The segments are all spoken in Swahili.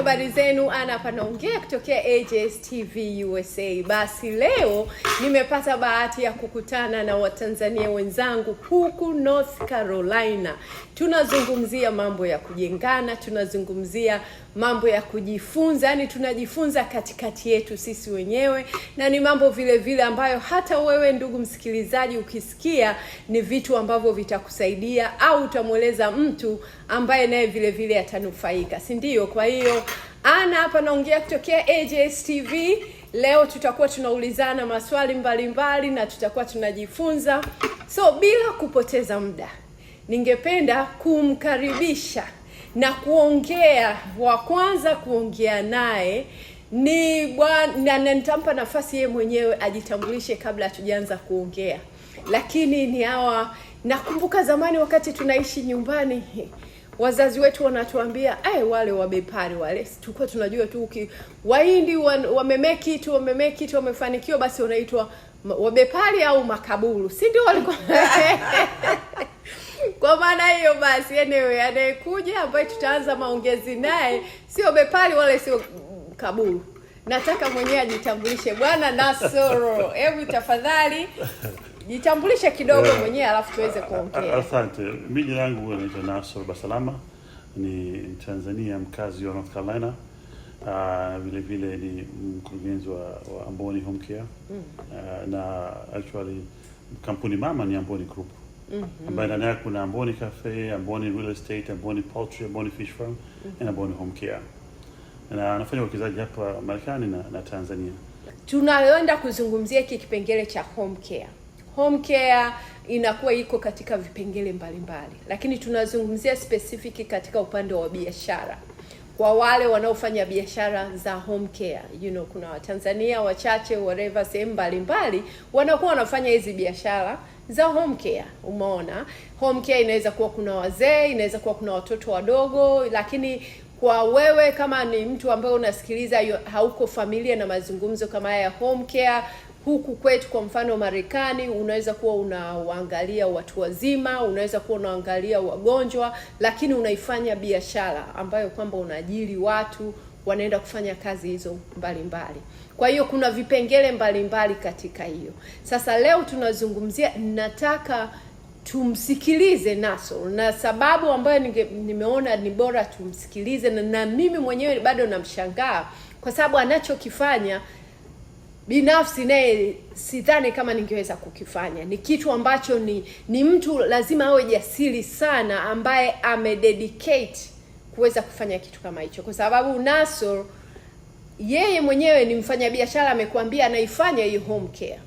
habari zenu, ana panaongea kutokea AJS TV USA. Basi leo nimepata bahati ya kukutana na Watanzania wenzangu huku North Carolina. Tunazungumzia mambo ya kujengana, tunazungumzia mambo ya kujifunza, yani tunajifunza katikati yetu sisi wenyewe, na ni mambo vile vile ambayo hata wewe ndugu msikilizaji ukisikia ni vitu ambavyo vitakusaidia au utamweleza mtu ambaye naye vile vile atanufaika, si ndio? Kwa hiyo Ana hapa naongea kutokea AJS TV. Leo tutakuwa tunaulizana maswali mbalimbali mbali, na tutakuwa tunajifunza. So bila kupoteza muda, ningependa kumkaribisha na kuongea, wa kwanza kuongea naye ni bwana, na nitampa nafasi yeye mwenyewe ajitambulishe kabla hatujaanza kuongea, lakini ni hawa, nakumbuka zamani wakati tunaishi nyumbani wazazi wetu wanatuambia ai, eh, wale wabepari wale, tulikuwa tunajua tu waindi wamemeki kitu wamemeki kitu wamefanikiwa, basi wanaitwa wabepari au makaburu, si ndio walikuwa Kwa maana hiyo basi, anyway, anayekuja ambaye tutaanza maongezi naye sio bepari wale sio kaburu. Nataka mwenyewe ajitambulishe Bwana Nasoro, hebu tafadhali jitambulishe kidogo mwenyewe alafu tuweze kuongea. Asante. Mimi jina langu naitwa Nasor Basalama, ni Mtanzania mkazi wa North Carolina. Uh, vile vile ni mkurugenzi wa, wa Amboni Home Care mm. Ah, na actually kampuni mama ni Amboni Group mm -hmm. ambayo ndani yake kuna Amboni Cafe, Amboni Real Estate, Amboni Poultry, Amboni Fish Farm mm -hmm. na Amboni Home Care, na anafanya uwekezaji hapa Marekani na, na Tanzania. Tunaenda kuzungumzia kipengele cha home care home care inakuwa iko katika vipengele mbalimbali mbali. Lakini tunazungumzia specific katika upande wa biashara kwa wale wanaofanya biashara za home care you know, kuna Watanzania wachache whatever, sehemu mbalimbali wanakuwa wanafanya hizi biashara za home care. Umeona, home care inaweza kuwa kuna wazee, inaweza kuwa kuna watoto wadogo, lakini kwa wewe kama ni mtu ambaye unasikiliza hauko familia na mazungumzo kama haya ya home care, huku kwetu, kwa mfano Marekani, unaweza kuwa unawaangalia watu wazima, unaweza kuwa unaangalia wagonjwa, lakini unaifanya biashara ambayo kwamba unaajiri watu wanaenda kufanya kazi hizo mbalimbali mbali. Kwa hiyo kuna vipengele mbalimbali mbali katika hiyo. Sasa leo tunazungumzia, nataka tumsikilize Naso, na sababu ambayo nige, nimeona ni bora tumsikilize na, na mimi mwenyewe bado namshangaa kwa sababu anachokifanya binafsi naye sidhani kama ningeweza kukifanya. Ni kitu ambacho ni ni mtu lazima awe jasiri sana, ambaye amededicate kuweza kufanya kitu kama hicho, kwa sababu naso yeye mwenyewe ni mfanyabiashara, amekuambia anaifanya hii home care,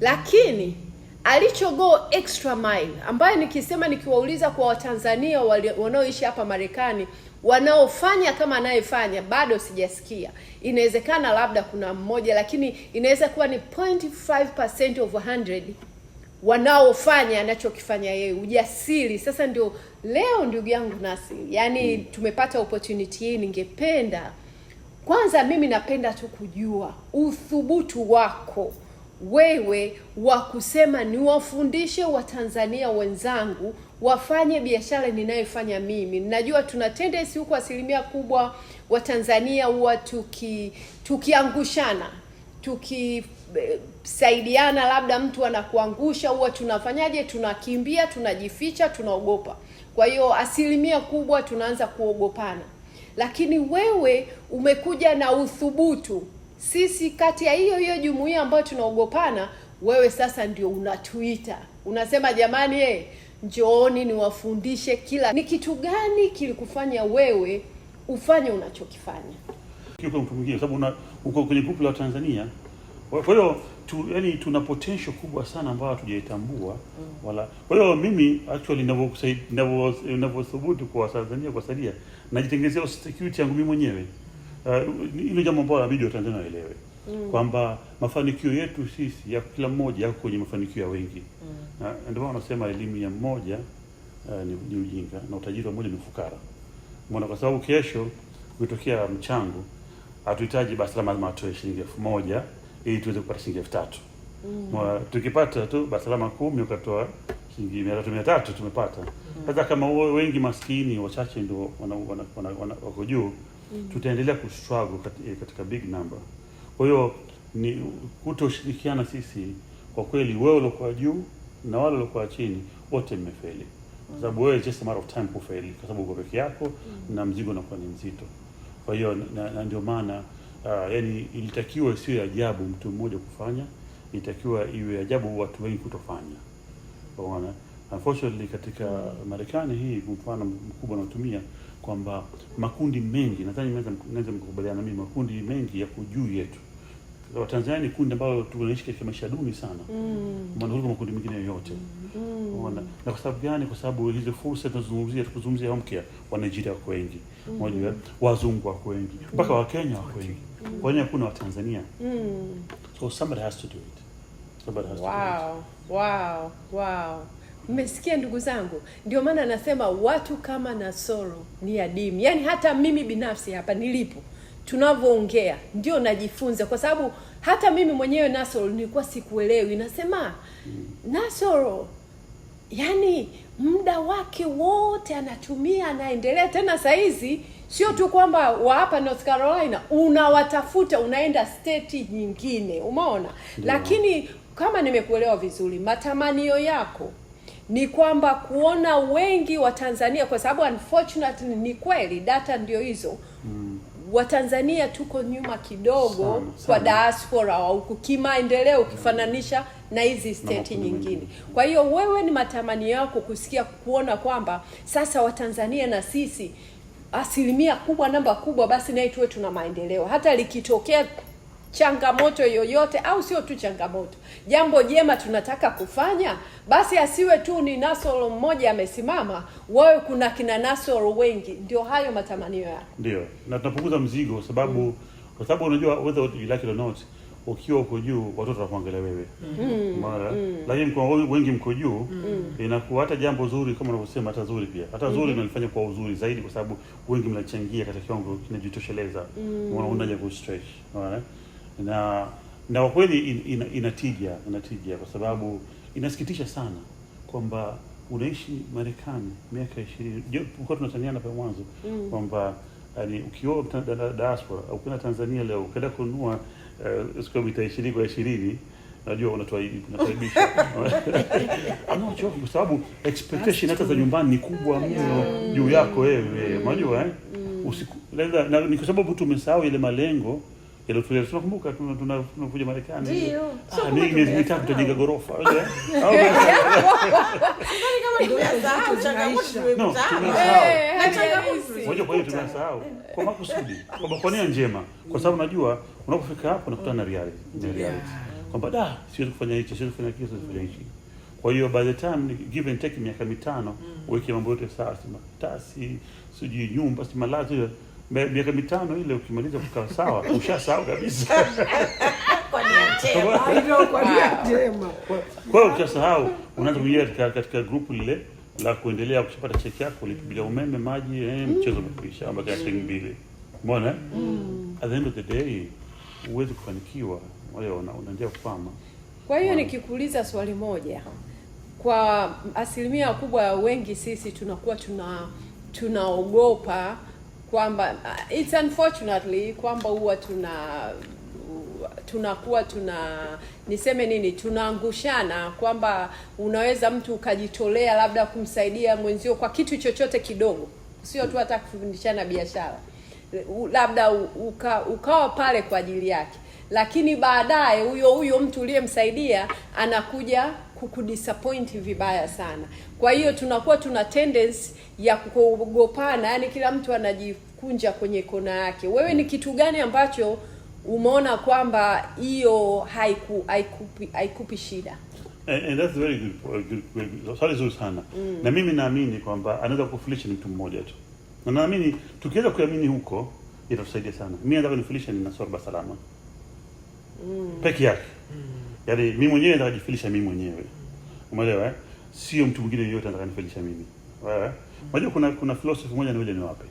lakini alichogo extra mile, ambayo nikisema nikiwauliza kwa Watanzania wanaoishi hapa Marekani wanaofanya kama anayefanya bado sijasikia. Inawezekana labda kuna mmoja, lakini inaweza kuwa ni 0.5% of 100 wanaofanya anachokifanya yeye. Ujasiri sasa ndio leo, ndugu yangu nasi, yani mm. tumepata opportunity hii. Ningependa kwanza, mimi napenda tu kujua uthubutu wako wewe wa kusema niwafundishe Watanzania wenzangu wafanye biashara ninayofanya mimi. Najua tuna tendency huko, asilimia kubwa Watanzania huwa tuki tukiangushana tukisaidiana, eh, labda mtu anakuangusha, huwa tunafanyaje? Tunakimbia, tunajificha, tunaogopa. Kwa hiyo asilimia kubwa tunaanza kuogopana, lakini wewe umekuja na uthubutu. Sisi kati ya hiyo hiyo jumuiya ambayo tunaogopana, wewe sasa ndio unatuita, unasema jamani, eh njooni niwafundishe kila ni kitu gani kilikufanya wewe ufanye unachokifanya kwa mtu mwingine, sababu uko kwenye grupu la Tanzania. Kwa hiyo tu, yani tuna potential kubwa sana ambayo hatujaitambua mm. wala kwa hiyo mimi actually ninavyothubutu kwa Tanzania kwa sadia najitengenezea security yangu mimi mwenyewe. Mm. uh, ile jambo ambalo inabidi Watanzania waelewe. Mm. kwamba mafanikio yetu sisi ya kila mmoja yako kwenye mafanikio ya wengi mm. Ndio maana wanasema elimu ya mmoja uh, ni, ni ujinga na utajiri wa mmoja ni ufukara mwana, kwa sababu kesho ukitokea mchango hatuhitaji basi lazima atoe shilingi elfu moja ili tuweze kupata shilingi elfu tatu mm. tukipata tu basi lazima kumi ukatoa shilingi mia tatu mia tatu tumepata mm. sasa mm. kama wengi maskini wachache ndio wana, wana, wana, wana, wako juu Mm. Tutaendelea kustruggle eh, katika big number. mm. Kwa hiyo ni kutoshirikiana sisi, kwa kweli, wewe uliokuwa juu na wale waliokuwa chini wote mmefeli, kwa sababu wewe just a matter of time kufeli, kwa sababu uko peke yako mm. na mzigo unakuwa ni mzito. Kwa hiyo na, na ndio maana uh, yani ilitakiwa sio ajabu mtu mmoja kufanya, ilitakiwa iwe ajabu watu wengi kutofanya. Unaona, unfortunately katika Marekani hii mfano mkubwa unaotumia kwamba makundi mengi, nadhani naweza mkubaliana mimi, makundi mengi yako juu yetu Watanzania ni kundi ambalo tunaishi katika maisha duni sana maana mm. kuliko makundi mengine yoyote. mm. na kwa sababu gani? Kwa sababu hizo fursa tunazungumzia, tukuzungumzia mke wa Nigeria wako wengi, unajua mm. wazungu wako wengi, mm. mpaka wa Kenya wako wengi, kwa nini hakuna Watanzania? So somebody has to do it, somebody has to do it. Wow, wow. Mmesikia ndugu zangu, ndio maana anasema watu kama Nasoro ni adimu. Yaani hata mimi binafsi hapa nilipo tunavyoongea ndio najifunza, kwa sababu hata mimi mwenyewe Nasoro nilikuwa sikuelewi. Nasema Nasoro, yani muda wake wote anatumia, anaendelea tena. sahizi sio tu kwamba wa hapa North Carolina unawatafuta, unaenda state nyingine, umeona yeah. Lakini kama nimekuelewa vizuri, matamanio yako ni kwamba kuona wengi wa Tanzania, kwa sababu unfortunately ni kweli data ndio hizo Watanzania tuko nyuma kidogo sana, sana. Kwa diaspora wa huku kimaendeleo ukifananisha na hizi state nyingine. Kwa hiyo wewe, ni matamanio yako kusikia kuona kwamba sasa Watanzania na sisi asilimia kubwa, namba kubwa, basi naye tuwe tuna maendeleo, hata likitokea changamoto yoyote, au sio tu changamoto, jambo jema tunataka kufanya, basi asiwe tu ni Nasoro mmoja amesimama, wawe kuna kina Nasoro wengi. Ndio hayo matamanio yako, ndio na tunapunguza mzigo, sababu kwa sababu unajua whether you like it or not, ukiwa uko juu watoto wanakuangalia wewe mm. mara mm. lakini kwa wengi mko juu mm. inakuwa hata jambo zuri kama unavyosema, hata zuri pia hata zuri mm. Mm-hmm. nalifanya kwa uzuri zaidi, kwa sababu wengi mnachangia katika kiwango kinajitosheleza mm. unaonaje ku stretch mara na na kwa kweli in, in, inatija inatija kwa sababu inasikitisha sana kwamba unaishi Marekani miaka ishirini tulikuwa tunataniana pale mwanzo mm. kwamba yani, ukioa diaspora au ukienda Tanzania leo ukaenda kununua uh, ya mita ishirini kwa ishirini najua unatuaibisha anachoka kwa sababu expectation hata za nyumbani ni kubwa mno juu yako wewe, unajua eh? Mm. Usiku, na ni kwa sababu tumesahau ile malengo hilo tu tunakuja Marekani. Ndio. Ah, miezi mitatu tutajenga ghorofa. Yaani eh, yaani moja kwa hiyo tunasahau kwa makusudi, kwamba kwa nia njema, kwa sababu najua unapofika hapo unakutana na reality, kwamba da, siwezi kufanya hichi, siwezi kufanya kile, siwezi kufanya hichi. Kwa hiyo by the time give and take, miaka mitano, mm. uweke mambo yote sawa, sima tasi sijui nyumba, si malazi miaka mitano ile ukimaliza kukaa sawa ushasahau kabisa. Kwa hiyo ukishasahau unaanza kuingia katika grupu lile la kuendelea kushapata cheki yako bila umeme, maji, eh, mchezo umekwisha, ama shilingi mbili. Umeona? Mm. At the end of the day huwezi kufanikiwa, unaendelea kukwama. Kwa hiyo nikikuuliza swali moja, kwa asilimia kubwa ya wengi sisi tunakuwa tuna tunaogopa kwamba uh, it's unfortunately kwamba huwa tuna tunakuwa tuna niseme nini, tunaangushana kwamba unaweza mtu ukajitolea labda kumsaidia mwenzio kwa kitu chochote kidogo, sio tu hata kufundishana biashara, labda uka, ukawa pale kwa ajili yake lakini baadaye huyo huyo mtu uliyemsaidia anakuja kukudisappoint vibaya sana. Kwa hiyo tunakuwa tuna tendency ya kuogopana, yani kila mtu anajikunja kwenye kona yake. Wewe ni kitu gani ambacho umeona kwamba hiyo haiku, haikupi, haikupi shida? And that's very good, good, swali zuri sana mm. Na mimi naamini kwamba anaweza kufulisha ni mtu mmoja tu, na naamini tukiweza kuamini huko itatusaidia sana. Mimi nataka nifulisha ni Nasoro Basalama. Mm. peke yake, yaani mi mwenyewe nataka kujifilisha mimi mwenyewe, umeelewa eh? Sio mtu mwingine yeyote anataka nifilisha mimi. Wewe eh? unajua kuna kuna philosophy moja ni niwape,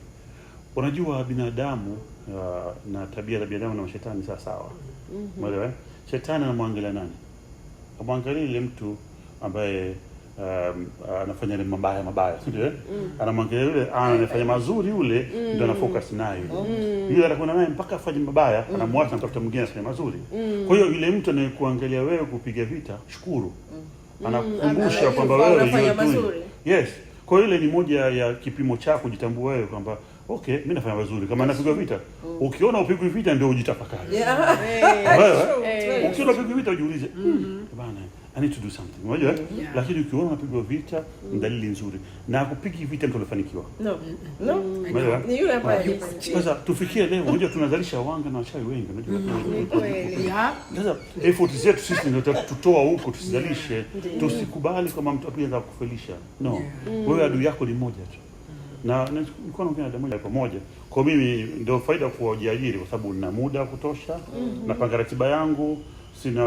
unajua binadamu uh, na tabia za binadamu na mashetani sawa sawa, mhm. umeelewa eh? Shetani anamwangalia nani? Amwangalia ile mtu ambaye um, anafanya ile mabaya mabaya, si ndio? mm. Anamwangalia yule anafanya mm. mazuri yule, mm. ndio ana mm. focus naye yule. mm. Yule anakuwa naye mpaka afanye mabaya, mm. anamwacha, anatafuta mwingine afanye mazuri. mm. Kwa hiyo yule mtu anayekuangalia wewe kupiga vita, shukuru. mm. Anakukumbusha mm. kwamba wewe ni mzuri. Yes, kwa hiyo ile ni moja ya kipimo chako kujitambua wewe kwamba Okay, mimi nafanya vizuri kama napigwa vita. Mm. Ukiona upigwi vita ndio ujitafakari. Yeah. Hey, Hey. ukiona upigwi vita ujiulize, mm -hmm. bana I need to do something. Unajua? Yeah. Lakini ukiona unapigwa vita ni mm. dalili nzuri. Na kupigi vita mtu anafanikiwa. No. No. Eh? Ni yule hapa. Sasa tufikie leo, unajua tunazalisha wanga na wachawi wengi, unajua? Mm, Sasa effort zetu sisi ndio tutoa huko tusizalishe. Tusikubali kama mtu apige kufelisha. No. Mm. Wewe adui yako ni moja tu. Na nilikuwa naongea na damoja pamoja. Kwa mimi ndio faida kuwa ujiajiri kwa sababu nina muda wa kutosha, mm-hmm. napanga ratiba yangu sina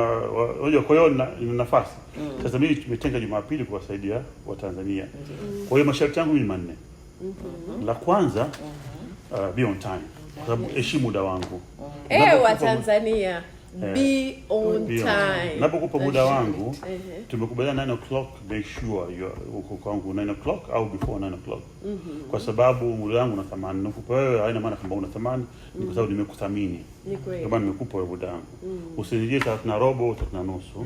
hoja. kwa hiyo ina nafasi mm. sasa. Mimi tumetenga Jumapili kuwasaidia Watanzania, mm-hmm. kwa hiyo masharti yangu ni manne. Mm-hmm. La kwanza mm-hmm. uh, be on time, kwa sababu heshimu muda wangu eh, Watanzania Eh, be on Napokupa muda wangu uh-huh. tumekubaliana 9 o'clock, make sure you uko kwangu 9 o'clock au before 9 o'clock. Mm-hmm. Kwa sababu muda wangu na thamani. Nakupa wewe haina maana kwamba una thamani, ni kwa mm-hmm. sababu nimekuthamini. Ni kweli. Kama nimekupa wewe muda wangu. Mm -hmm. Usinijie tatu na robo, tatu na nusu.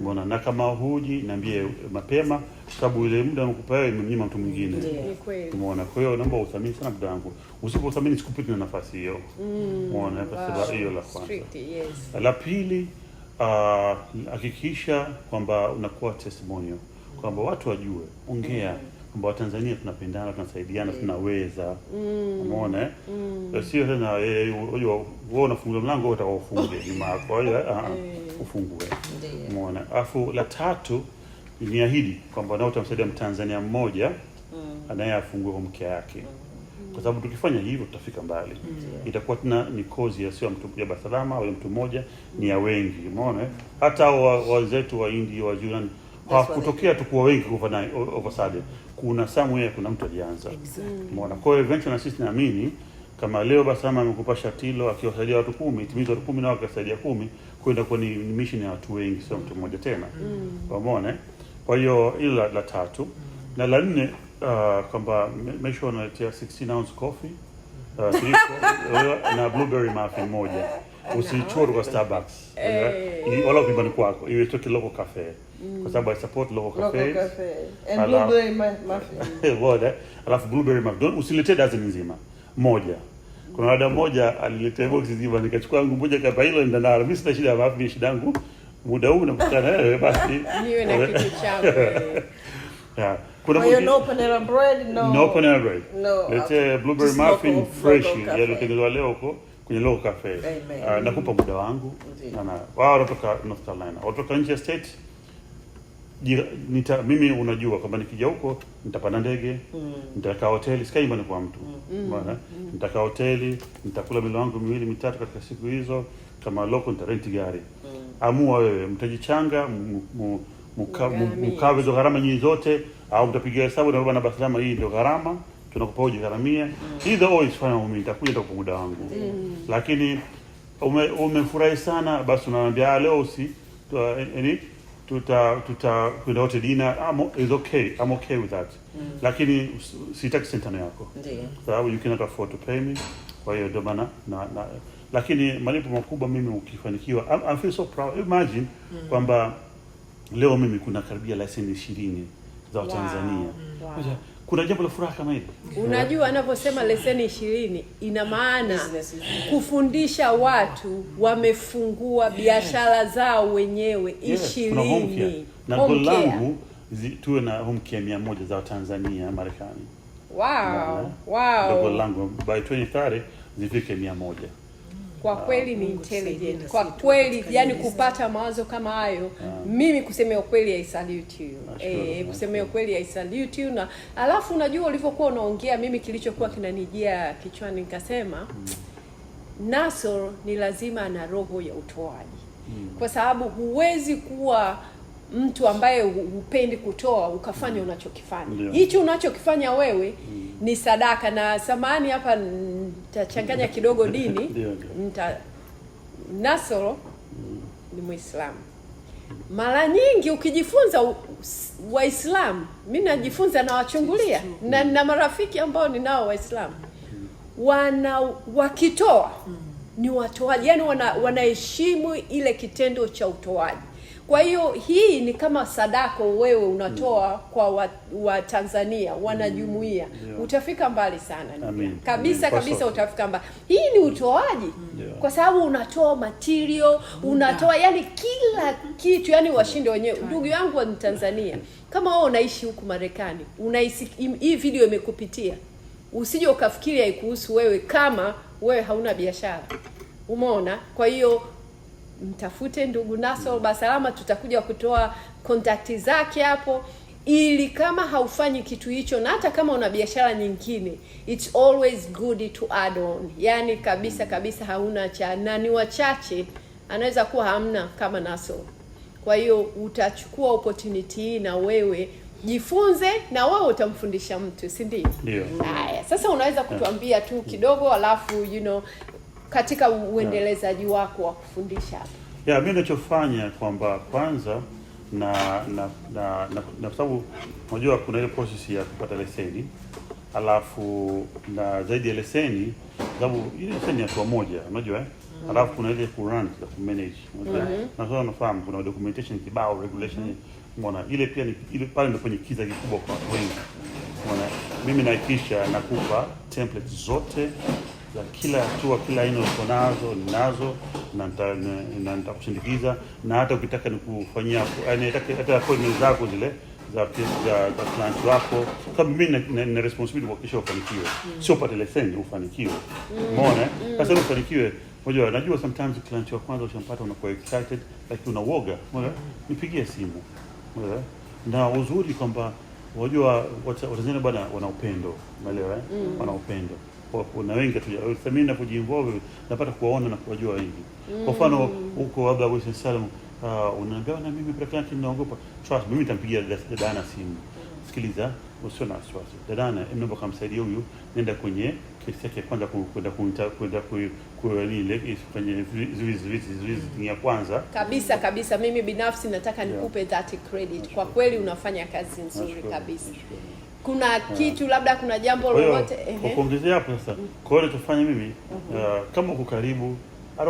Mbona na kama huji niambie mapema sababu ile muda nakupa wewe imemnyima mtu mwingine. Umeona? Kwa hiyo naomba uthamini sana muda yangu. Usipothamini sikupi tena nafasi hiyo. Mm. Umeona? Kwa sababu hiyo la kwanza. yes. La pili, ah, hakikisha kwamba unakuwa testimonial kwamba watu wajue, ongea mm. kwamba Watanzania tunapendana, tunasaidiana, yeah. Mm. tunaweza. Mm. Umeona? mm. Sio tena eh, eh, wewe unafungua mlango utakofunge nyuma yako. Kwa hiyo eh. ah, ah, ufungue. Umeona? Afu la tatu Niliahidi kwamba nao utamsaidia Mtanzania mmoja mm. anayeafungua mke yake, mm. kwa sababu tukifanya hivyo tutafika mbali. mm. Itakuwa tena ni kozi ya sio mtu mmoja Barcelona au mtu mmoja, ni ya mm. wengi. Umeona, hata wazetu wa India wa Jordan hawakutokea tu kuwa wengi kwa over sudden, kuna somewhere, kuna mtu alianza. Umeona, kwa hiyo eventually na sisi naamini kama leo Barcelona amekupa shatilo akiwasaidia watu kumi, timizo watu kumi na wakasaidia kumi, kwa ni mission ya watu wengi, sio mtu mmoja tena. Mm. Umeona. Kwa hiyo hilo la, la tatu na la nne uh, kwamba mesho wanaletea 16 ounce coffee uh, three, na blueberry muffin moja usichoro kwa Starbucks hey. Eh. Wala nyumbani kwako iwe toke local cafe mm. Kwa sababu I support local cafe and Ala... blueberry muffin boda eh, alafu blueberry muffin usilete dozen nzima moja. Kuna dada mmoja aliletea box nzima nikachukua ngumu moja kapa hilo ndana, mimi sina shida ya muffin, shida yangu muda huu unakutana wewe eh, basi niwe na kitu changu yeah. Kuna mwingine no panela bread no, no panela bread no, lete blueberry muffin fresh yaliyotengenezwa leo huko kwenye local cafe. Uh, nakupa muda wangu sana. Wao wanatoka North Carolina, wanatoka nje ya state Nita, mimi unajua kwamba nikija huko nitapanda ndege mm. Nitakaa hoteli, sikaimba ni kwa mtu mm. mm. Nitakaa hoteli, nitakula milo wangu miwili mitatu katika siku hizo kama loko ntarenti gari mm. amua wewe, mtajichanga mkawe hizo gharama nyinyi zote, au mtapiga hesabu na bwana, basi kama hii ndio gharama tunakupa ujigharamia mm. either or isifanya umi nitakuja nitakupa muda wangu mm. lakini ume, umefurahi sana basi unaambia ah, leo usi yaani eh, eh, tuta tuta kuna wote dina I'm, is okay I'm okay with that mm. lakini sitaki sentano yako, ndio sababu you cannot afford to pay me. Kwa hiyo ndio maana na, na lakini malipo makubwa mimi ukifanikiwa, I'm feel so proud. Imagine mm kwamba leo mimi kuna karibia leseni ishirini za Watanzania mm. wow. Kuna jambo la furaha kama hili. Unajua, anavyosema leseni ishirini ina maana kufundisha watu wamefungua biashara zao wenyewe ishirini. Na goal langu tuwe na home care mia moja za Watanzania Marekani. Wow. Wow. Goal langu by 2030 zifike mia moja kwa ah, kweli ni intelligent kwa kweli, yani kupata mawazo kama hayo. Ah. Mimi kusemea ukweli I salute you eh, kusemea kweli I salute you. Na alafu unajua ulivyokuwa unaongea, mimi kilichokuwa kinanijia kichwani nikasema hmm. Nasor ni lazima ana roho ya utoaji, hmm. kwa sababu huwezi kuwa mtu ambaye hupendi kutoa ukafanya unachokifanya hichi unachokifanya wewe mm. ni sadaka. Na samani hapa nitachanganya kidogo dini nita Nasoro mm. ni Muislamu. Mara nyingi ukijifunza Waislamu, mi najifunza nawachungulia na na marafiki ambao ninao Waislamu mm. wana wakitoa mm. ni watoaji, yani wanaheshimu wana ile kitendo cha utoaji kwa hiyo hii ni kama sadako wewe unatoa mm. kwa Watanzania wa wanajumuia mm. yeah. utafika mbali sana Amin. kabisa Amin. kabisa utafika mbali. Hii ni utoaji mm. kwa sababu unatoa material mm. unatoa yani kila kitu yani washinde wenyewe. Ndugu yangu wa Mtanzania, kama wewe unaishi huku Marekani, unaisi hii video imekupitia, usije ukafikiri haikuhusu wewe kama wewe hauna biashara. Umeona? Kwa hiyo mtafute ndugu Nasoro Basalama, tutakuja kutoa kontakti zake hapo, ili kama haufanyi kitu hicho na hata kama una biashara nyingine, it's always good to add on. Yani kabisa kabisa hauna cha na ni wachache, anaweza kuwa hamna kama Nasoro. Kwa hiyo utachukua opportunity hii na wewe jifunze na wewe utamfundisha mtu, si ndio? Haya, sasa unaweza kutuambia tu kidogo, alafu you know katika uendelezaji wako wa kufundisha hapa? Yeah, mimi ninachofanya kwamba kwanza na na na, na, na sababu unajua kuna ile process ya kupata leseni alafu na zaidi ya leseni, sababu ile leseni ya hatua moja, unajua eh? Alafu kuna ile ku run ya ku manage, unajua mm -hmm. na unafahamu kuna documentation kibao regulation mm -hmm. Mbona ile pia ni ile pale ndio kwenye kiza kikubwa kwa wengi. Mbona mimi nahakikisha nakupa template zote za kila hatua, kila aina uko nazo ninazo, na nitakushindikiza, na hata ukitaka nikufanyia hata appointment zako zile za za client wako, kama mimi nina responsibility kuhakikisha ufanikiwe, mm. sio upate leseni, ufanikiwe. Mm. Umeona? Mm. Sasa ufanikiwe Unajua, najua sometimes client wa kwanza ushampata unakuwa excited lakini una woga. Unaona? Nipigie simu. Unaona? Na uzuri kwamba unajua Watanzania bwana wana upendo, umeelewa eh? Wana upendo kuna wengi hatujawaithamini na kujiinvolve, napata kuwaona na kuwajua wengi. Kwa mfano mm. huko labda Western Salem, uh, ah, unaambiwa na mimi peke yake ninaogopa. Trust mimi nitampigia dadana simu, sikiliza, usio na wasiwasi, dadana naomba kumsaidia huyu, nenda kwenye kesi yake kwanza, kwenda kuita kwenda kuani ile ifanye eh, zuizi zuizi zuizi ya kwanza kabisa kabisa. Mimi binafsi nataka nikupe that credit, kwa kweli unafanya kazi nzuri kabisa kuna ha. Eh. kitu labda kuna jambo lolote kwa kuongezea hapo sasa. Mm. Kwa hiyo tufanye mimi uh kama uko karibu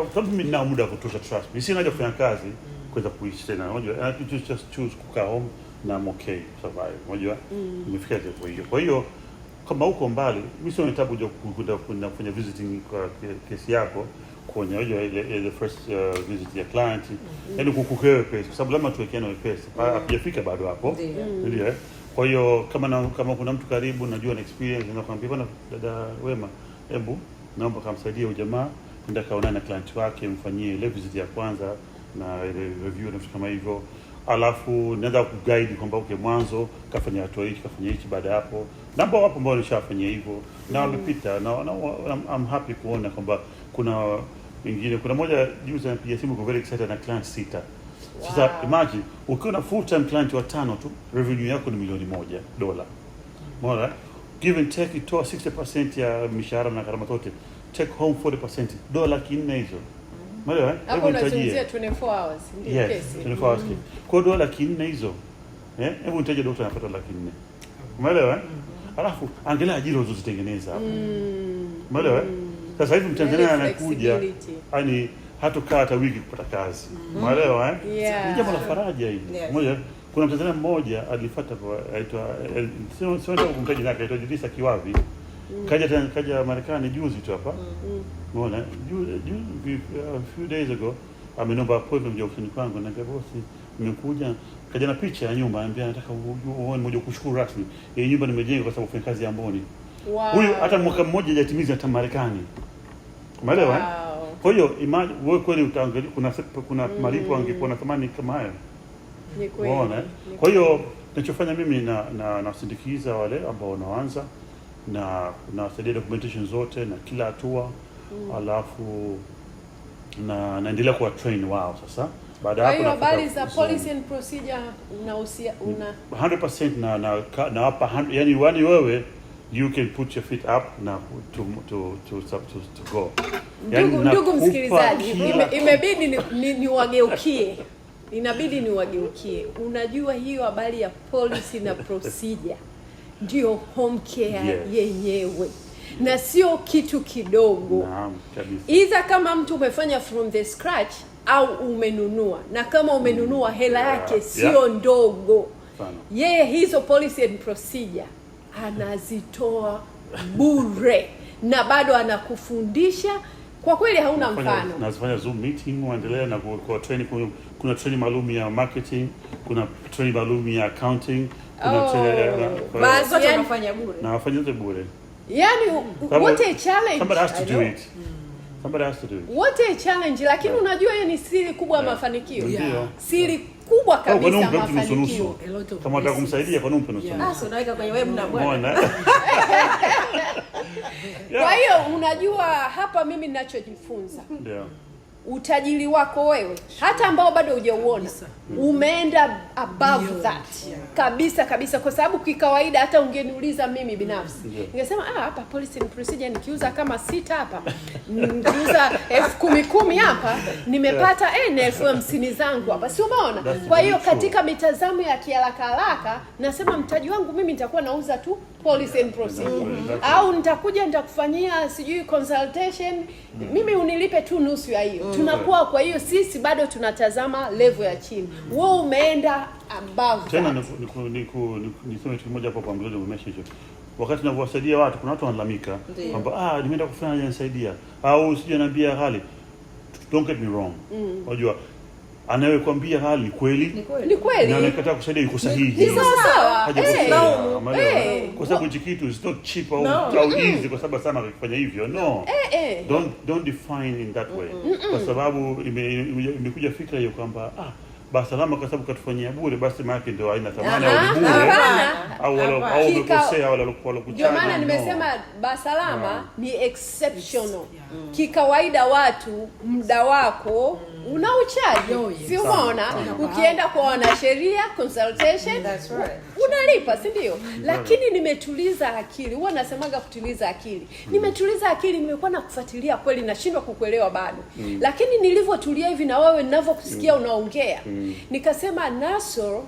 sababu mimi nina muda wa kutosha, trust mimi sina haja kufanya kazi mm. kuweza kuishi tena, unajua I just just choose kukaa home na I'm okay survive, unajua mm. nimefika mm. hapo hiyo. Kwa hiyo kama uko mbali, mimi sio nataka kuja kwenda kufanya visiting kwa kesi yako kwenye hiyo ile the first uh, visit ya client, yaani kukukewe pesa, kwa sababu lazima tuwekeane pesa, hatujafika bado hapo, ndio kwa hiyo kama na, kama kuna mtu karibu najua na experience na bwana dada Wema, hebu naomba kamsaidie ujamaa, jamaa kwenda na client wake, mfanyie lab visit ya kwanza na review na vitu kama hivyo, alafu naweza kuguide kwamba uke mwanzo kafanya hatua hii kafanya hichi baada hapo namba wapo ambao nishafanyia hivyo na mm-hmm. wamepita na, na I'm happy kuona kwamba kuna wengine, kuna moja juzi anapiga simu kwa very excited na client sita sasa wow. Imagine ukiwa na full time client watano tu, revenue yako ni milioni moja dola. Umeona? Give and take itoa 60% ya mishahara na gharama zote. Take home 40% dola kinne hizo. Umeona? Hapo unazungumzia 24 hours. Ndio yes, kesi. 24 hours. Mm. Kwa dola kinne hizo. Eh? Hebu nitaje dokta anapata dola kinne. Umeelewa? Mm. Alafu angalia ajira unazozitengeneza hapo. Mm. Umeelewa? Sasa hivi Mtanzania anakuja yani hatukaa hata wiki kupata kazi umeelewa eh? mm. eh? yeah. ni jambo la faraja hili yeah. moja kuna Mtanzania mmoja alifuata aitwa eh, sio sio ndio kumtaja jina aitwa Jidisa Kiwavi mm. kaja kaja Marekani juzi tu hapa mm. umeona mm. juzi a few days ago amenomba appointment ya ofisini kwangu na bosi nimekuja kaja na picha ya nyumba anambia nataka uone moja kushukuru rasmi hii nyumba nimejenga kwa sababu fanya kazi ya Amboni huyu hata mwaka mmoja hajatimiza hata Marekani umeelewa eh? wow. Kwa hiyo wewe kweli utaangalia, kuna kuna mm. malipo angekuwa na thamani kama haya, unaona. Eh? Kwa hiyo ninachofanya mimi na, na nasindikiza wale ambao wanaanza na nasaidia documentation zote na kila hatua mm. alafu na naendelea kuwa train wao sasa baada ya hapo na habari za policy and procedure una 100% na na nawapa yani, yani wewe you can put your feet up na to to to to, to go. ndugu, msikilizaji, imebidi ni, niwageukie ni inabidi niwageukie. Unajua hiyo habari ya policy na procedure ndio home care yes, yenyewe na sio kitu kidogo. Naam Iza kama mtu umefanya from the scratch au umenunua, na kama umenunua mm. hela yake sio yeah, ndogo. Yeye yeah, hizo policy and procedure anazitoa bure na bado anakufundisha kwa kweli hauna mfano. Nazifanya zoom meeting, waendelea na kwa training. Kuna, kuna training maalum ya marketing, kuna training maalum ya accounting, kuna oh, training eh, basi anafanya bure na anafanya zote bure. Yani what a challenge! Somebody has to do it, somebody has to do it, what a challenge! Lakini yeah, unajua hiyo ni siri kubwa ya yeah, mafanikio yeah, siri kubwa kabisa mafanikio. Kama unataka kumsaidia kwa nini umpe nusu Ah, Basi unaweka kwenye wewe na bwana. Kwa hiyo unajua hapa mimi ninachojifunza. Yeah utajiri wako wewe hata ambao bado hujauona umeenda above that kabisa kabisa, kwa sababu kikawaida, hata ungeniuliza mimi binafsi ningesema ah, hapa policy and procedure nikiuza kama sita hapa nikiuza elfu kumi kumi hapa nimepata eh, na elfu hamsini zangu hapa, si umeona? Kwa hiyo katika mitazamo ya kiharaka haraka nasema mtaji wangu mimi nitakuwa nauza tu policy and procedure, au nitakuja nitakufanyia sijui consultation, hmm. mimi unilipe tu nusu ya hiyo tunakuwa. Kwa hiyo sisi bado tunatazama levo ya chini, wewe umeenda above. Tena nisome kitu moja hapo kwa wa message, wakati ninavyowasaidia watu, kuna watu wanalamika kwamba ah, nimeenda kufanya nisaidia au sije naambia hali, don't get me wrong, mm. unajua mm anayekwambia hali ni kweli ni kweli, na anakataa kusaidia yuko sahihi, ni sawa sawa, eh, eh. kwa sababu hichi kitu is not cheap au au easy, kwa sababu sana kufanya hivyo no, eh, don't don't define in that way, kwa sababu imekuja fikra hiyo kwamba ah basi salama, kwa sababu katufanyia bure, basi maana ndio haina thamani au bure au wala au umekosea wala wala kuchana. Ndio maana nimesema basalama ni exceptional mm. Kikawaida watu muda wako mm. unaochaji yes. si umeona ukienda kwa wanasheria consultation That's right. unalipa si ndio? mm. Lakini nimetuliza akili, huwa nasemaga kutuliza akili mm. nimetuliza akili, nimekuwa kufuatilia kweli, nashindwa kukuelewa bado mm. lakini nilivyotulia hivi na wewe ninavyokusikia mm. unaongea mm. nikasema Nasoro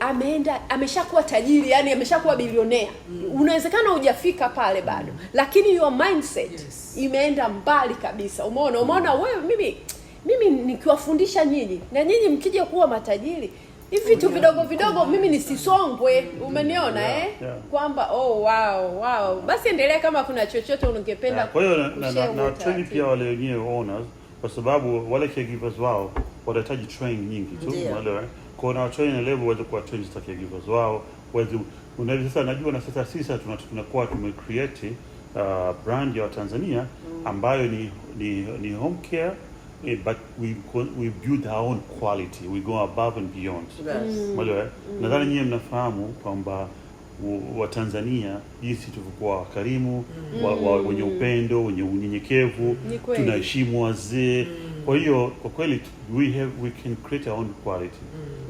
ameenda ameshakuwa tajiri, yani ameshakuwa bilionea mm. Unawezekana hujafika pale bado, mm. lakini your mindset yes. imeenda mbali kabisa. Umeona, umeona mm. Wewe mimi mimi nikiwafundisha nyinyi na nyinyi mkija kuwa matajiri hivi vitu vidogo vidogo, mimi nisisongwe. Mm. Umeniona yeah, eh? Yeah. Kwamba oh wow wow, basi endelea kama kuna chochote ungependa Kwa hiyo na, pia wale wenyewe owners, kwa sababu wale caregivers wao wanahitaji training nyingi tu, umeelewa? Eh? Kwa na watu wenye level waweze kuwa change za givers wao waweze unaweza sasa, najua na sasa sisi tunakuwa tume create uh, brand ya Watanzania mm. ambayo ni ni, ni home care eh, but we we build our own quality, we go above and beyond. Yes. Mm. Eh? mm. Nadhani nyinyi mnafahamu kwamba wa Tanzania jinsi tulivyokuwa wakarimu, mm. wenye wa, wa, upendo, wenye unyenyekevu, mm. tunaheshimu wazee mm. Kwa hiyo kwa kweli we have we can create our own quality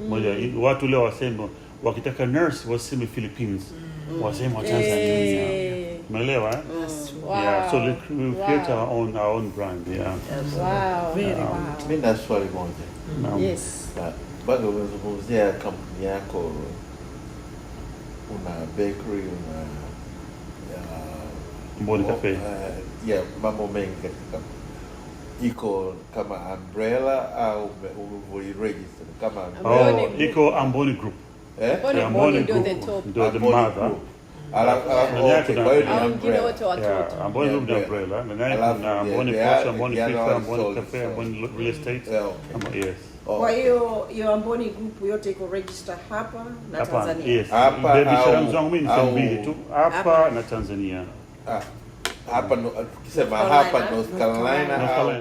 mm. Moja mm. watu leo waseme wakitaka nurse waseme Philippines mm. waseme wa Tanzania hey. Eh. Umeelewa? Mm. Yeah, so we create wow. our own our own brand yeah. Wow. Very yeah. Um, wow. Mimi na swali moja. No. Yes. Bado umezungumzia kampuni yako una bakery una uh, Mboni Cafe. Uh, yeah, mambo mengi katika kampuni iko kama umbrella au register kama oh, iko Amboni Group eh? Amboni Group the mother kwa hiyo ni umbrella Amboni Group umbrella na na Amboni Amboni Amboni Cafe, Amboni Real Estate yes oh, kwa hiyo hiyo Amboni Group yote iko register hapa na Tanzania hapa, hapa na Tanzania ah, hapa, tukisema hapa North Carolina